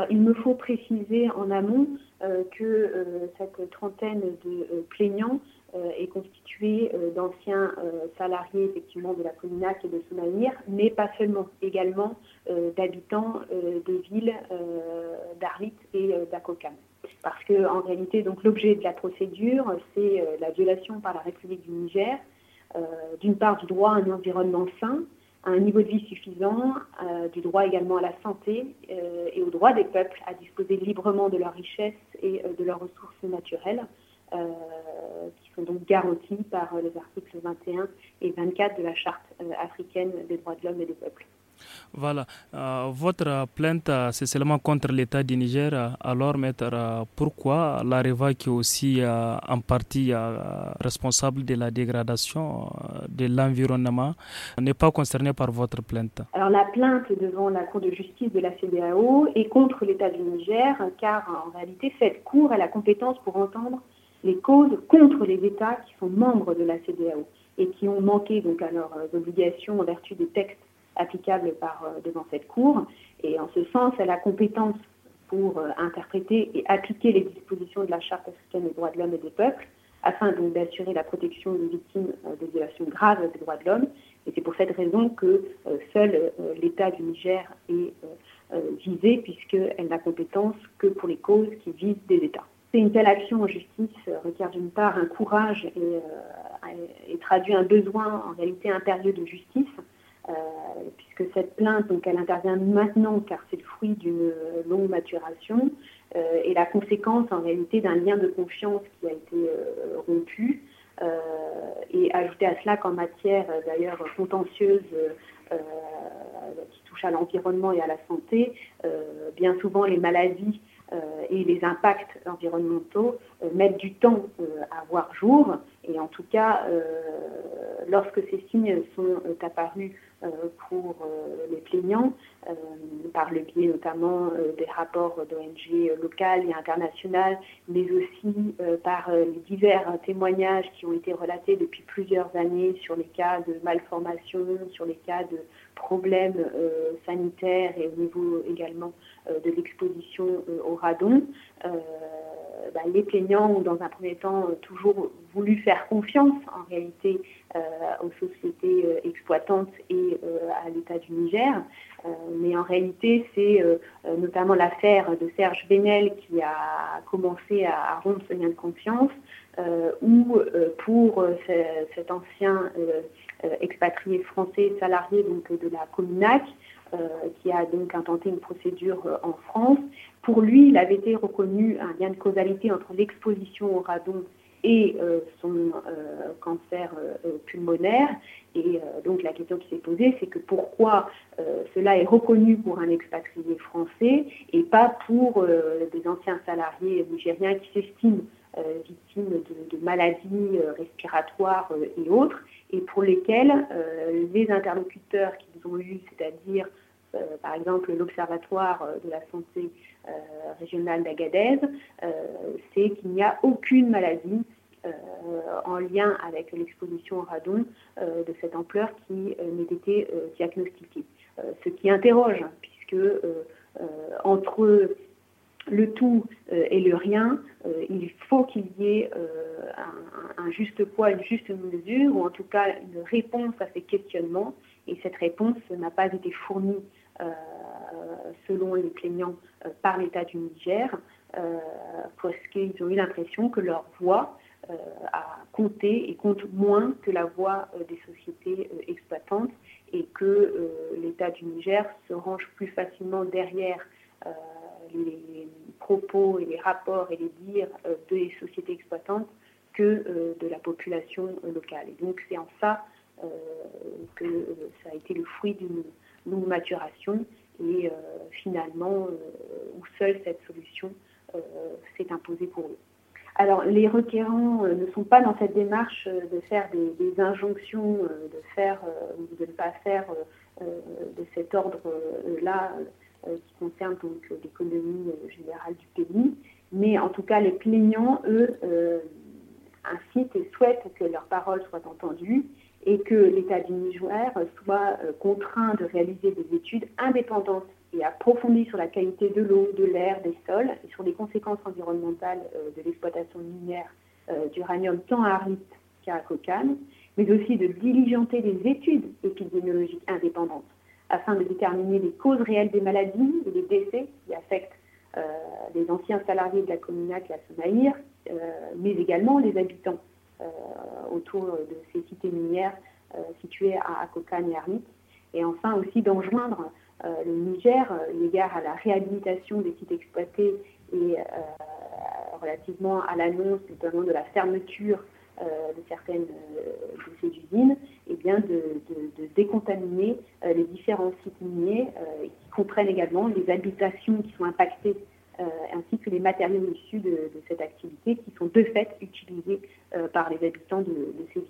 Euh, il me faut préciser en amont euh, que euh, cette trentaine de plaignants est constituée d'anciens salariés effectivement de la Polinac et de son mais pas seulement, également d'habitants de villes d'Arlit et d'Akokan. Parce que en réalité, donc l'objet de la procédure, c'est la violation par la République du Niger, d'une part du droit à un environnement sain, un niveau de vie suffisant, euh, du droit également à la santé euh, et au droit des peuples à disposer librement de leurs richesses et euh, de leurs ressources naturelles, qui sont donc garanties par les articles 21 et 24 de la Charte africaine des droits de l'homme et des peuples. Voilà. Euh, votre plainte, euh, c'est seulement contre l'État du Niger. Alors, maître, euh, pourquoi l'AREVA, qui est aussi en partie responsable de la dégradation de l'environnement, n'est pas concernée par votre plainte Alors, la plainte devant la Cour de justice de la CDAO est contre l'État du Niger, car en réalité, cette Cour a la compétence pour entendre les causes contre les États qui sont membres de la CDAO et qui ont manqué donc à leurs obligations en vertu des textes applicable par, euh, devant cette Cour. Et en ce sens, elle a compétence pour euh, interpréter et appliquer les dispositions de la Charte africaine des droits de l'homme et des peuples, afin donc d'assurer la protection des victimes euh, des violations graves des droits de l'homme. Et c'est pour cette raison que seul l'État du Niger est visé, puisqu'elle n'a compétence que pour les causes qui visent des États. C'est une telle action en justice requiert d'une part un courage et, traduit un besoin en réalité impérieux de justice, euh, puisque cette plainte, donc, elle intervient maintenant car c'est le fruit d'une longue maturation et euh, la conséquence en réalité d'un lien de confiance qui a été euh, rompu. et ajouter à cela qu'en matière d'ailleurs contentieuse qui touche à l'environnement et à la santé, bien souvent les maladies et les impacts environnementaux mettent du temps à voir jour. Et en tout cas, lorsque ces signes sont apparus euh, pour euh, les plaignants, euh, par le biais notamment des rapports d'ONG locales et internationales, mais aussi par les divers hein, témoignages qui ont été relatés depuis plusieurs années sur les cas de malformations, sur les cas de problèmes sanitaires et au niveau également de l'exposition au radon. Euh, bah, les plaignants ont dans un premier temps euh, toujours voulu faire confiance en réalité euh, aux sociétés exploitantes et à l'État du Niger. mais en réalité, c'est notamment l'affaire de Serge Benel qui a commencé à, rompre ce lien de confiance, ou pour cet ancien expatrié français salarié donc, de la Comunac. Euh, qui a donc intenté une procédure euh, en France. Pour lui, il avait été reconnu un lien de causalité entre l'exposition au radon et euh, son cancer pulmonaire. Et donc la question qui s'est posée, c'est que pourquoi cela est reconnu pour un expatrié français et pas pour des anciens salariés nigériens qui s'estiment victimes de, maladies respiratoires et autres, et pour lesquels les interlocuteurs qu'ils ont eus, c'est-à-dire euh, par exemple l'Observatoire euh, de la santé euh, régionale d'Agadez, c'est qu'il n'y a aucune maladie en lien avec l'exposition au radon de cette ampleur qui n'ait été diagnostiquée. ce qui interroge, puisque entre le tout et le rien, il faut qu'il y ait un, juste poids, une juste mesure, ou en tout cas une réponse à ces questionnements, et cette réponse n'a pas été fournie euh, selon les plaignants, euh, par l'État du Niger, euh, parce qu'ils ont eu l'impression que leur voix a compté et compte moins que la voix des sociétés exploitantes et que l'État du Niger se range plus facilement derrière les propos et les rapports et les dires des sociétés exploitantes que de la population locale. Et donc c'est en ça que ça a été le fruit d'une longue maturation et euh, finalement euh, où seule cette solution euh, s'est imposée pour eux. Alors les requérants ne sont pas dans cette démarche de faire des, injonctions, de faire ou de ne pas faire de cet ordre-là qui concerne donc l'économie générale du pays. Mais en tout cas, les plaignants, eux, incitent et souhaitent que leurs paroles soient entendues et que l'État du Niger soit euh, contraint de réaliser des études indépendantes et approfondies sur la qualité de l'eau, de l'air, des sols et sur les conséquences environnementales euh, de l'exploitation minière euh, d'uranium tant à Arlit qu'à Cocane, mais aussi de diligenter des études épidémiologiques indépendantes afin de déterminer les causes réelles des maladies et des décès qui affectent les anciens salariés de la Communauté à la Somaïr, mais également les habitants euh, autour de ces cités minières euh, situées à Akokan et Armit. Et enfin aussi d'enjoindre euh, le Niger, l'égard à la réhabilitation des sites exploités et relativement à l'annonce notamment de la fermeture de certaines de ces usines, et eh bien de, décontaminer les différents sites miniers, qui comprennent également les habitations qui sont impactées euh, ainsi que les matériaux issus de, cette activité qui sont de fait utilisés euh, par les habitants de, de ces villes.